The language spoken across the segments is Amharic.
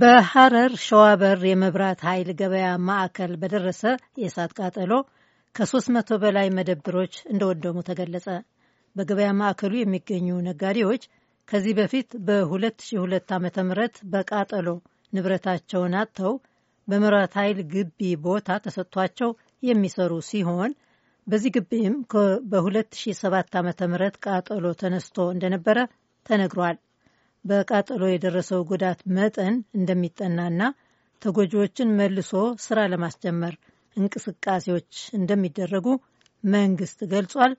በሐረር ሸዋበር የመብራት ኃይል ገበያ ማዕከል በደረሰ የእሳት ቃጠሎ ከ300 በላይ መደብሮች እንደወደሙ ተገለጸ። በገበያ ማዕከሉ የሚገኙ ነጋዴዎች ከዚህ በፊት በ2002 ዓ ም በቃጠሎ ንብረታቸውን አጥተው በመብራት ኃይል ግቢ ቦታ ተሰጥቷቸው የሚሰሩ ሲሆን በዚህ ግቢም በ2007 ዓ ም ቃጠሎ ተነስቶ እንደነበረ ተነግሯል። በቃጠሎ የደረሰው ጉዳት መጠን እንደሚጠናና ተጎጂዎችን መልሶ ስራ ለማስጀመር እንቅስቃሴዎች እንደሚደረጉ መንግስት ገልጿል።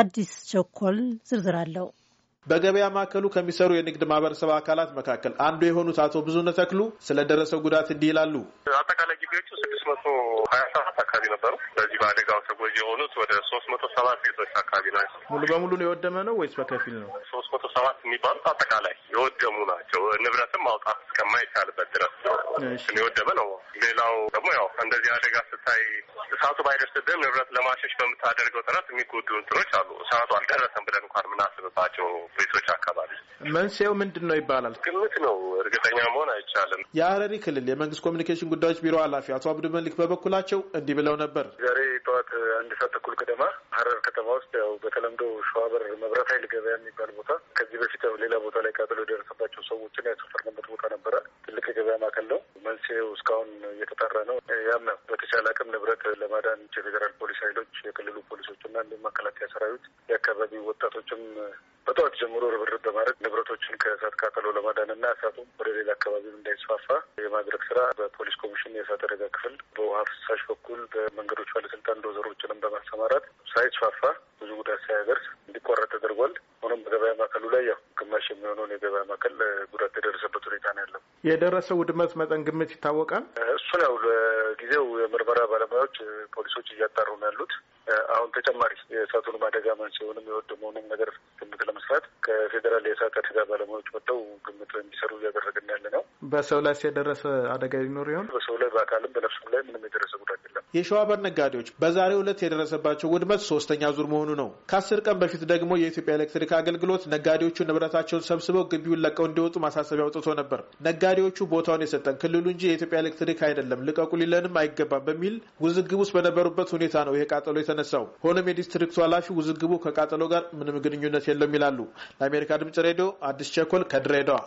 አዲስ ቸኮል ዝርዝር አለው። በገበያ ማዕከሉ ከሚሰሩ የንግድ ማህበረሰብ አካላት መካከል አንዱ የሆኑት አቶ ብዙነ ተክሉ ስለደረሰው ጉዳት እንዲህ ይላሉ። አጠቃላይ ጊዜዎቹ ስድስት መቶ ሀያ ሰባት አካባቢ ነበሩ። በዚህ በአደጋው ተጎጂ የሆኑት ወደ ሶስት መቶ ሰባት ቤቶች አካባቢ ናቸው። ሙሉ በሙሉ ነው የወደመ ነው ወይስ በከፊል ነው? ሶስት መቶ ሰባት የሚባሉት አጠቃላይ የወደሙ ናቸው። ንብረትም ማውጣት እስከማይቻልበት ድረስ የወደመ ነው። ሌላው ደግሞ ያው እንደዚህ አደጋ ስታይ እሳቱ ባይደርስብህም ንብረት ለማሸሽ በምታደርገው ጥረት የሚጎዱ እንትኖች አሉ። እሳቱ አልደረሰም ብለን እንኳን የምናስብባቸው ቤቶች አካባቢ መንስኤው ምንድን ነው ይባላል። ግምት ነው፣ እርግጠኛ መሆን አይቻልም። የሀረሪ ክልል የመንግስት ኮሚኒኬሽን ጉዳዮች ቢሮ ኃላፊ አቶ አብዱ መልክ በበኩላቸው እንዲህ ብለው ነበር። ዛሬ ጠዋት አንድ ሰዓት ተኩል ገደማ ሀረር ከተማ ውስጥ ያው በተለምዶ ሸዋበር መብራት ኃይል ገበያ የሚባል ቦታ ከዚህ በፊት ያው ሌላ ቦታ ላይ ቃጠሎ የደረሰባቸው ሰዎችን ያሰፈርንበት ቦታ ነበረ። ትልቅ የገበያ ማዕከል ነው። መንስኤው እስካሁን ነው እየተጠራ ነው። ያም ነው በተቻለ አቅም ንብረት ለማዳን የፌዴራል ፖሊስ ኃይሎች፣ የክልሉ ፖሊሶች እንዲሁም መከላከያ ሰራዊት የአካባቢ ወጣቶችም በጠዋት ጀምሮ ርብርብ በማድረግ ንብረቶችን ከእሳት ቃጠሎ ለማዳንና እሳቱ ወደ ሌላ አካባቢ እንዳይስፋፋ የማድረግ ስራ በፖሊስ ኮሚሽን የእሳት አደጋ ክፍል በውሃ ፍሳሽ በኩል በመንገዶች ባለስልጣን ዶዘሮችንም በማሰማራት ሳይስፋፋ ብዙ ጉዳት ሳያደርስ እንዲቆረጥ ተደርጓል። ሆኖም በገበያ ማዕከሉ ላይ ያው ግማሽ የሚሆነውን የገበያ ማዕከል ጉዳት የደረሰበት ሁኔታ ነው ያለው። የደረሰው ውድመት መጠን ግምት ይታወቃል። እሱን ያው ለጊዜው የምርመራ ባለሙያዎች ፖሊሶች እያጣሩ ነው ያሉት። አሁን ተጨማሪ የእሳቱንም አደጋ መንስኤውንም የወደመውንም ነገር ግምት ለማስፋት ከፌዴራል የእሳት አደጋ ባለሙያዎች ወጥተው ግምት እንዲሰሩ እያደረግን ያለ ነው። በሰው ላይ የደረሰ አደጋ ይኖር ይሆን? በሰው ላይ በአካልም በነፍሱም ላይ ምንም የደረሰ የሸዋበር ነጋዴዎች በዛሬ ዕለት የደረሰባቸው ውድመት ሶስተኛ ዙር መሆኑ ነው። ከአስር ቀን በፊት ደግሞ የኢትዮጵያ ኤሌክትሪክ አገልግሎት ነጋዴዎቹ ንብረታቸውን ሰብስበው ግቢውን ለቀው እንዲወጡ ማሳሰቢያ አውጥቶ ነበር። ነጋዴዎቹ ቦታውን የሰጠን ክልሉ እንጂ የኢትዮጵያ ኤሌክትሪክ አይደለም፣ ልቀቁ ሊለንም አይገባም በሚል ውዝግብ ውስጥ በነበሩበት ሁኔታ ነው ይሄ ቃጠሎ የተነሳው። ሆኖም የዲስትሪክቱ ኃላፊ ውዝግቡ ከቃጠሎ ጋር ምንም ግንኙነት የለም ይላሉ። ለአሜሪካ ድምጽ ሬዲዮ አዲስ ቸኮል ከድሬዳዋ